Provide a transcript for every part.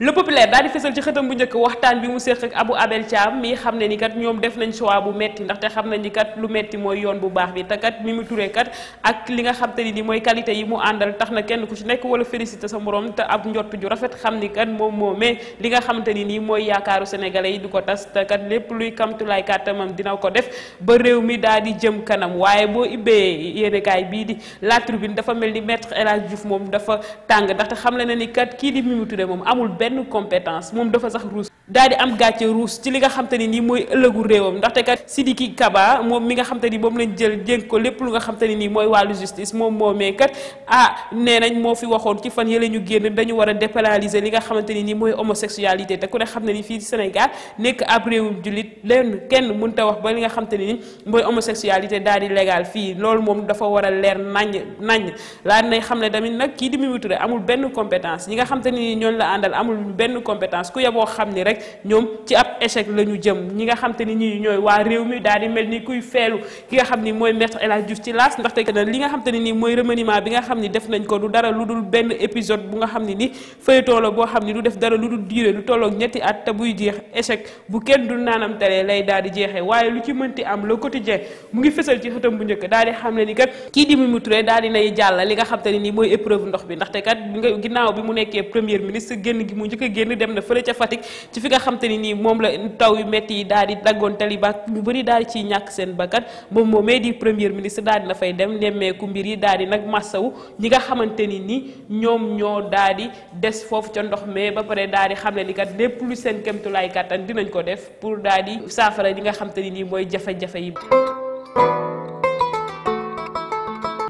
le populaire daal di fessel ci xëtam bu ñëk waxtaan bi mu séq ak Abou Abel Thiam mi xamné ni kat ñoom def nañ choix bu metti ndax té nañ ni kat lu metti moy yoon bu baax bi te kat mi mu Touré kat ak li nga xam te ni moy qualité yi mu àndal taxna kenn ku ci nekk wala félicité sa morom te ab ñott ju rafet xam ni kat moom moomee li nga xam te ni moy yaakaaru sénégalais yi du ko tas te kat lépp luy kam kamtulaay kàttamam dina ko def ba réew mi daal di jëm kanam waye bo ibé yéne kay bi di La Tribune dafa melni maître Elage Hadj Diouf moom dafa tàng ndaxte xam le na ni kat ki di mi mu Touré mom amul benn compétence moom dafa sax ruus daal di am gàcce ruus ci li nga xam ni nii mooy ëllëgu réewam ndaxte kat Sidiki Kaba moom mi nga xam te ni moom lañ jël jénk ko lépp lu nga xam te ni nii mooy wàllu justice moom moomee kat ah nee nañ moo fi waxoon ci fan yële ñu génn dañu war a li nga xamante ni nii mooy homosexualité te ku ne xam ne ni fii Sénégal nekk ab réewum jullit lenn kenn mën ta wax ba li nga xam ni nii mooy homosexualité daal di légal fii loolu moom dafa war a leer naññ naññ laa dinañ xam ne tamit nag kii di Mimi Touré amul benn compétence ñi nga xam te ni ñooñ la àndal amul benn compétence ku yeboo xam ni rek ñoom ci ab échec la jëm ñi nga xam te ñooy waa réew mi daal di mel ni kuy feelu ki nga xam ni mooy maître El Hadji Diouf ci laas ndaxte li nga xam te mooy remaniement bi ni def nañ ko du bu nga xam ni ni feuilleton la boo xam ni du def dara lu dul durée lu tolloog ñetti buy jeex bu du naanam tale lay daal di jeexee waaye lu ci mënti am le quotidien mu ngi fësal ci xëtam bu daal di xam ni kat kii di di nay jàll li nga xam te ni nii mooy épreuve ndox bi ndaxte kat ginnaaw bi mu nekkee premier ministre génn gi mu njëkk a génn dem na fële ca Fatick ci fi nga xam te ni nii moom la taw yu métti yi daal di daggoon tali ba ñu bëri daal di ciy ñàkk seen bakkat moom moomee di premier ministre daal di na fay dem nemmeeku mbir yi daal di nag ñi nga xamante ni nii ñoom ñoo daal di des foofu ca ndox mais ba pare daal di xam ne ni kat lépp lu seen kéemtulaay kàttan dinañ ko def pour daal di saafara li nga xam ni nii mooy jafe-jafe yi.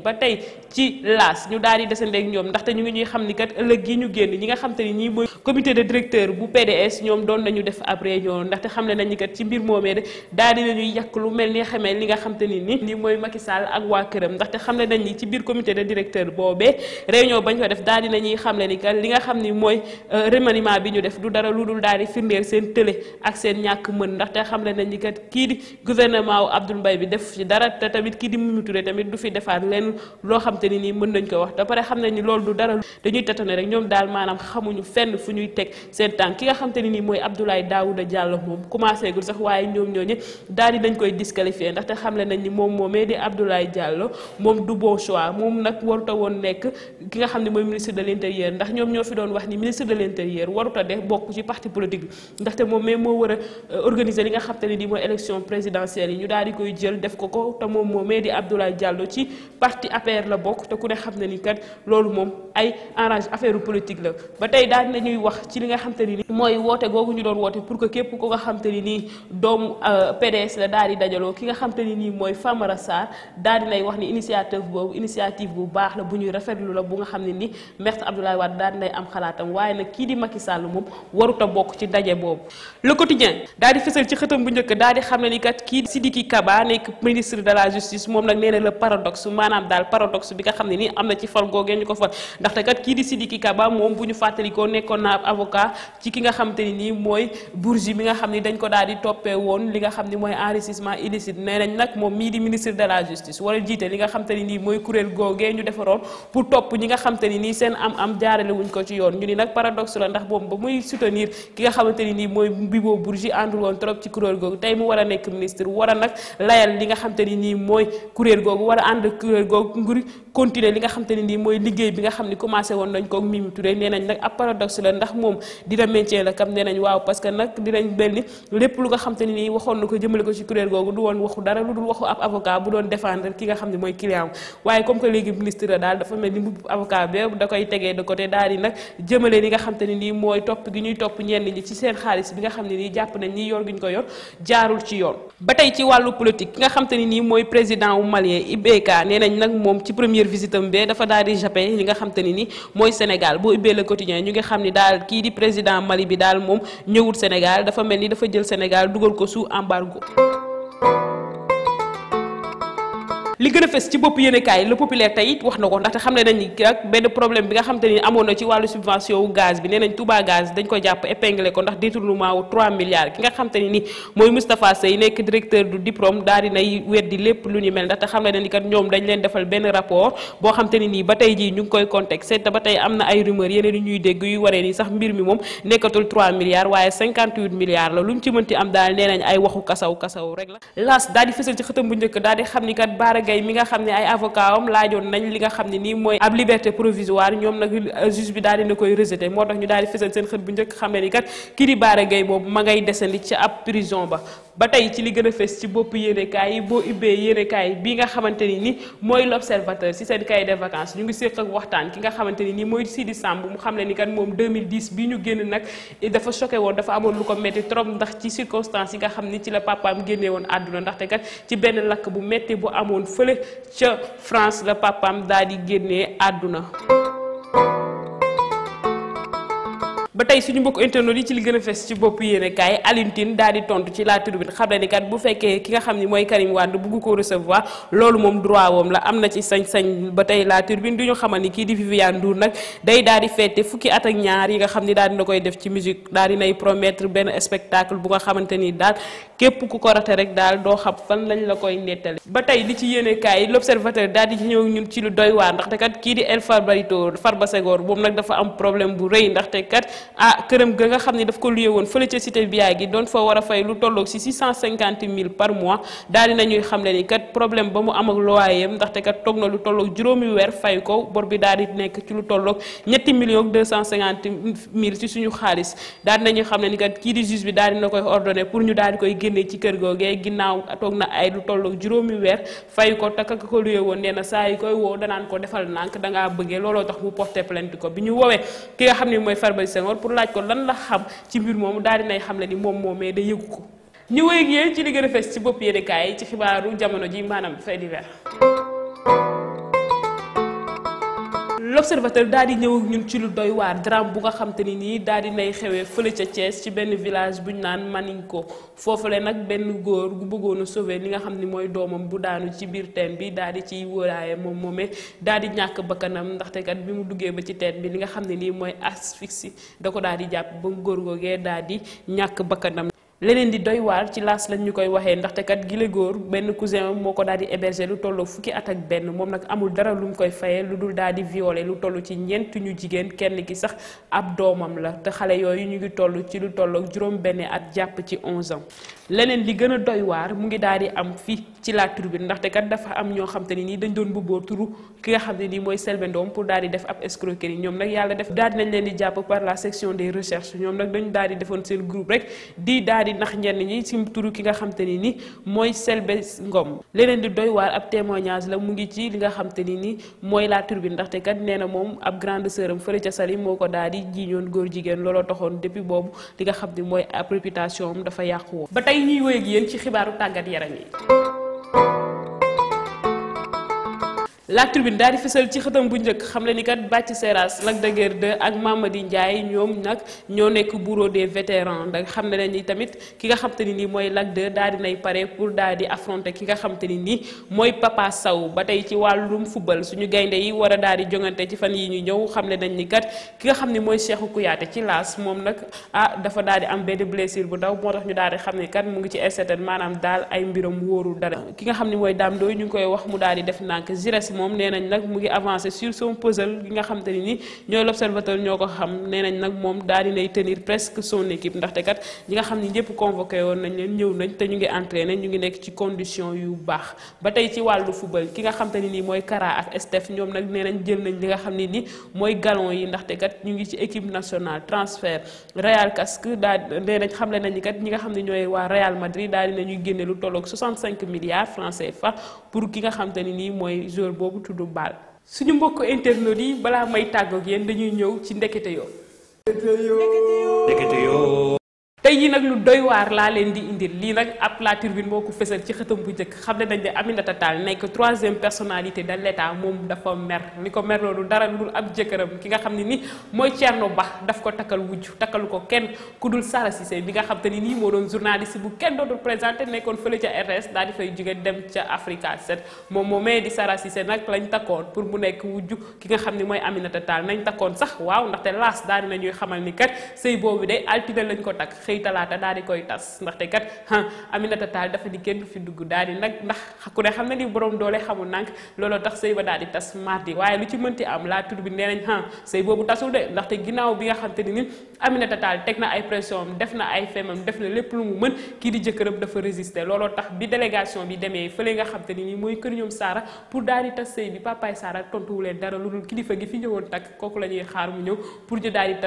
ba tey ci laas ñu daal di desandeeg ñoom ndaxte ñu ngi ñuy xam ni kat ëllëg gi ñu génn ñi nga xam te ni ñii mooy comité de directeur bu PDS ñoom doon nañu def ab réunion ndaxte xam ne nañu kat ci mbir moomee de daal di nañuy lu mel ni xamee li nga xam te ni ni mooy Macky ak waa këram ndaxte xam ne nañ ni ci biir comité de directeur boobee réunion bañ ko def daal di nañuy xam ne ni kat li nga xam ni mooy euh, remaniement bi ñu def du dara lu dul daal di firndeel seen tële ak seen ñàkk mën ndaxte xam ne nañ ni kat kii di guvernement wu Abdoul mbay bi def ci dara te tamit kii di Mimi Touré tamit du fi defaat leneen loo xam te ni nii mën nañ ko wax da pare xam nañ ni loolu du dara dañuy tatane rek ñoom daal maanaam xamuñu fenn fu ñuy teg seen tànk ki nga xam ni nii mooy Abdoulaye Daouda Diallo moom du bon moom nag waruta woon nekk ki nga xam ne mooy ministre de l' ndax ñoom ñoo fi doon wax ni ministre de l' intérieur waruta def bokk ci parti politique bi ndaxte moom mais moo war a euh, organiser li nga xam te ne di mooy élection présidentielle yi ñu daal parti APR la bokk te ku ne xam na ni kat loolu moom ay arrange affaire politique la ba tey daal nañuy wax ci li nga xam te ni mooy woote googu ñu doon woote pour que képp ku nga xam te ni nii euh, PDS la daal di dajaloo ki nga xam te ni mooy Famara Sarr daal di nay wax ni initiative boobu initiative bu baax la bu ñuy rafetlu la bu nga xam ne ni maître Abdoulaye Wade daal di nay am xalaatam waaye nag kii di Macky Sall moom warut a bokk ci daje boobu le quotidien daal di fësal di xam daal paradoxe bi nga xam ne ni am na ci fal googee ñu ko nga xam te ni nii mooy Bourgi bi nga dañ ko daal di toppee woon li nga xam ni mooy enrichissement illicite nee nañ nag moom mii di ministre de la justice wala jiite li nga xam te ni nii mooy kuréel googee ñu defaroon pour topp ñi nga xam te ni nii seen am am jaarale wuñ ko yoon ñu ni nag paradoxe la ndax boobu ba muy soutenir ki nga xamante ni nii mooy Bibo Bourgi àndul woon trop ci kuréel googu tey mu war a nekk ministre war a nag layal li nga xam te ni nii mooy kuréel googu war a ànd kuréel googu ko ngir continuer li nga xam te ne nii mooy liggéey bi nga xam ni commencé woon nañ ko Mimi Touré nee nañ nag ab paradoxe la ndax moom dina maintien la kam nee nañ waaw parce que nag dinañ mel ni lépp lu nga xam te ne nii waxoon na ko jëmale ko ci kuréel googu du woon waxu dara lu dul waxu ab avocat bu doon défendre ki nga xam ne mooy client waaye comme que léegi ministre la daal dafa mel ni mbubb avocat bi da koy tegee de côté daal di nag jëmale li nga xam te ne nii mooy topp gi ñuy topp ñenn ñi ci seen xaalis bi nga xam ne nii jàpp nañ ni yor gi ñu ko yor jaarul ci yoon ba tey ci wàllu politique ki nga xam te ne mooy président wu Malien IBK nee nañ nag mon petit ci première visite am bee dafa daal di jappe li nga xam te ni ni Sénégal boo ubbee le quotidien ñu ngi xam ni daal qui di président Mali bi daal moom ñëwut Sénégal dafa mel ni dafa jël Sénégal dugal ko sous embargo li gën a fes ci bopp yéenekaay le populaire tey wax na ko ndaxte xam ne nañ ak benn problème bi nga xam te ni amoon na ci wàllu subvention wu gaz bi nee nañ Touba dañ ko jàpp épinglé ko ndax détournement wu milliards ki nga xam te mooy Moustapha Seye nekk directeur du diplôme daal dinay weddi lépp lu ñu mel ndaxte xam ne kat ñoom dañ leen defal benn rapport boo xam nii ba tey jii ñu ngi koy contexte te ba tey am na ay rumeur yeneen Gueye mi nga xamné ay avocatam am laajoon nañ li nga xamné ni moy ab liberté provisoire ñom nak euh, juge bi daal dina koy rejeter motax ñu daal di fesal seen xët bu njëkk xam ni kat kii di Bara Gueye boobu ma ngay desandi ci ab prison ba ba tey ci li gën fess ci bopp yéenekaay yi boo ubbee yéenekaay yi bi nga xamanteni ni moy l'observateur ci seen cahier de vacances ñu ngi séq ak waxtaan ki nga xamanteni ni moy Sidi sambu mu xamlé ni kan mom 2010 bi ñu génn nak eh, dafa choqué won dafa amoon lu ko metti trop ndax ci circonstances yi nga xamni ci la papaam won aduna ndax ndaxte kat ci benn lak bu metti bu amoon fële ca France la papam daal di génne àdduna ba tey suñu mbokk internet yi ci li gën a fes ci bopp yéenekaay Alioune Tine daal di tontu ci La Tribune xam ne ni kat bu fekkee ki nga xam ni mooy Karim Wade bugg ko recevoir loolu moom droit wam la am na ci sañ-sañ ba tey La Tribune du ñu xamal ni kii di Viviane Ndour nag day daal di fete fukki at ak ñaar yi nga xam ni daal dina koy def ci musique daal dinay promettre benn spectacle bu nga xamante ni daal képp ku ko rate rek daal doo xam fan lañ la koy nettali ba tey li ci yéenekaay L'Observateur daal di ñëw ñun ci lu doy waar ndaxte kat kii di El Farbarito Farba Senghor moom nag dafa am problème bu rëy ndaxte kat ah këram ga nga xam ne daf ko luyee woon fële ca cité biyaay gi doon foo war a fay lu tolloog si 650 000 par mois daal di nañuy xam le ni kat problème ba mu am ak loyaayam ndaxte kat toog na lu tolloog juróomi weer fay ko bor bi daal di nekk ci lu tolloog ñetti millions 250 000 ci suñu xaalis daal di xam ne ni kii di juge bi daal dina koy ordonné pour ñu daal di koy génne ci kër googee ginnaaw toog na ay lu tolloog juróomi weer fay ko takk ak ko luyee woon nee na saa yi koy woo danaan ko defal nànk danga bëggee looloo tax mu porté plainte ko bi ñu woowee ki nga xam ne mooy Farba Senghor pour laaj ko lan la xam ci mbir moomu daal dinay xam ne ni moom mais da yëgu ko ñu wéy ak yéen ci li gën a fes ci bopp yéenekaay yi ci xibaaru jamono ji maanaam fait divers l'observateur daal di ñëw ak ñun ci lu doy waar drame bu nga xam te ni nii daal di nay xewee fële ca Thiès ci benn village bu ñu naan Maninko foofule nag benn góor gu bëggoon a sauver li nga xam ni mooy doomam bu daanu ci biir teen bi daal di ciy wóoraaye moom moome daal di ñàkk bakkanam ndaxte kat bi mu duggee ba ci teen bi li nga xam ne nii mooy asphyxie da ko daal di jàpp ba góor googee daal di ñàkk bakkanam leneen di doy waar ci laas lañ ñu koy waxee ndaxte kat gile góor benn cousin moo ko daal di héberger lu tolloo fukki at ak benn moom nag amul dara lu mu koy fayee lu dul daal di violer lu tollu ci ñeent ñu jigéen kenn ki sax ab doomam la te xale yooyu ñu ngi toll ci lu toll ak juróom benn at jàpp ci 11 ans leneen li gën a doy waar mu ngi daal di am fii ci La Tribune ndaxte kat dafa am ñoo xam te ni nii dañ doon bubboo turu ki nga xam ne nii mooy Selbé daal di def ab escroquerie ñoom nag yàlla def daal nañ leen di jàpp par la section des recherches ñoom nag dañu daal di seen groupe di nax ñenn ñi ci turu ki nga xam te ni mooy Selbé ngoom leneen di doy waar ab témoignage la mu ngi ci li nga xam te ni ni mooy la turbine ndaxte kat nee na moom ab grande sœur am fële ca Saly moo ko daal di jiiñoon góor jigéen looloo taxoon depuis boobu li nga xam ni mooy ab réputation am dafa yàqu woon ba tey ñuy wéy ak ci xibaaru tàggat yaram yi La Tribune daal di fësal ci xëtam bu njëkk xam le ni kat Bathie Seras Lac de Guiers 2 ak Mamady Ndiaye ñoom nag ñoo nekk bureau de vétérans da xam ne ni tamit ki nga xam te ni nii mooy Lac de daal di nay pour daal di affronter ki nga xam ni nii mooy Papa Sow ba tey ci wàllum fubal suñu gaynde yi war a daal di jongante ci fan yi ñu ñëw xam ne nañ ni kat ki nga xam ne mooy Cheikhou kuyaate ci laas moom nag ah dafa daal di am benn blessure bu ndaw moo tax ñu daal di xam ne kat mu ngi ci incertaine maanaam daal ay mbiram wóorul dara ki nga xam ne mooy Dame Doy ñu koy wax mu daal di def nànk mom nenañ nak nag mu ngi avancé sur son puzzle gi nga xam te ni ñoy l'observateur ñoko xam nenañ nak mom moom daal dinay tenir presque son équipe ndaxte kat gi nga xam ni ñëpp convoqué won nañ leen ñëw nañ te ñu ngi entraîner ñu ngi nekk ci condition yu bax ba tay ci walu football ki nga xam te ni moy mooy Kara ak Steph ñom nak nenañ jël nañ li nga xam ne ni moy galon yi ndaxte kat ñu ngi ci équipe nationale transfert Real casque daal nenañ xam xamle nañ kat ñi nga xam ne ñooy waa Real Madrid daal dinañuy génne lu tolloog 65 milliards français fa pour ki nga xam te ni moy joueur boobu tudd baal suñu mbokk internet yi balaa may tàggoog yéen dañuy ñëw ci ndekete yoo ndekete yoo tey jii nag lu doy waar laa leen di indi lii nag ab la turbine moo ko fësal ci xëtam bu njëkk xam ne dañ ne Aminata Tall nekk troisième personnalité de l'État moom dafa mer ni ko mer loolu dara lu ab jëkkëram ki nga xam ne ni mooy Thierno Ba daf ko takkal wujj takkalu ko kenn ku dul Sara Cissé bi nga xam ni nii moo doon journaliste bu kenn dootul présenté nekkoon fële ca RTS daa di fay jóge dem ca Africa 7 moom moomee di Sara Cissé nag lañ takkoon pour mu nekk wujj ki nga xam ne mooy Aminata Tall nañ takkoon sax waaw ndaxte laas daal di nañuy ni kat sëy boobu de altine lañ ko takk xëy talaata daal di koy tas ndaxte kat Aminata Tall dafa ni kenn fi dugg daal di nag ndax ku ne xam na ni borom doole xamul nànk looloo tax sëy boobu tasul de ndaxte ginnaaw bi nga xam te ni ni Aminata teg na ay pression am def na ay femam def na lépp lu mu mën kii di jëkkëram dafa résister looloo tax bi délégation bi demee fële nga xam te ni nii mooy kër ñoom Saara pour daal di tas sëy bi papaay Saara tontuwu dara lu dul kilifa gi fi ñëwoon takk kooku la ñuy xaar mu ñëw pour ñu daal di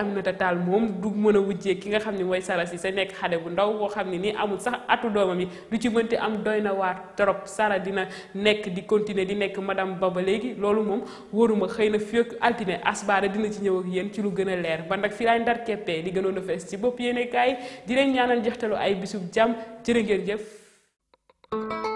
Aminata Tall moom du mën a wujjee ki nga xam ne mooy Sara sa nekk xale bu ndaw boo xam ne ni amul sax atu doomam yi lu ci mënti am doy na waar trop Sara dina nekk di continuer di nekk ma madame ba ba léegi loolu moom waruma xëy na fii ak altine asbaara dina ci ñëw ak yéen ci lu gën a leer ban nag fii laay ndar keppe di gënoon a fees ci bopp yéene kaay di leen ñaanal jeextalu ay bisub jàmm jërë ngeen jëf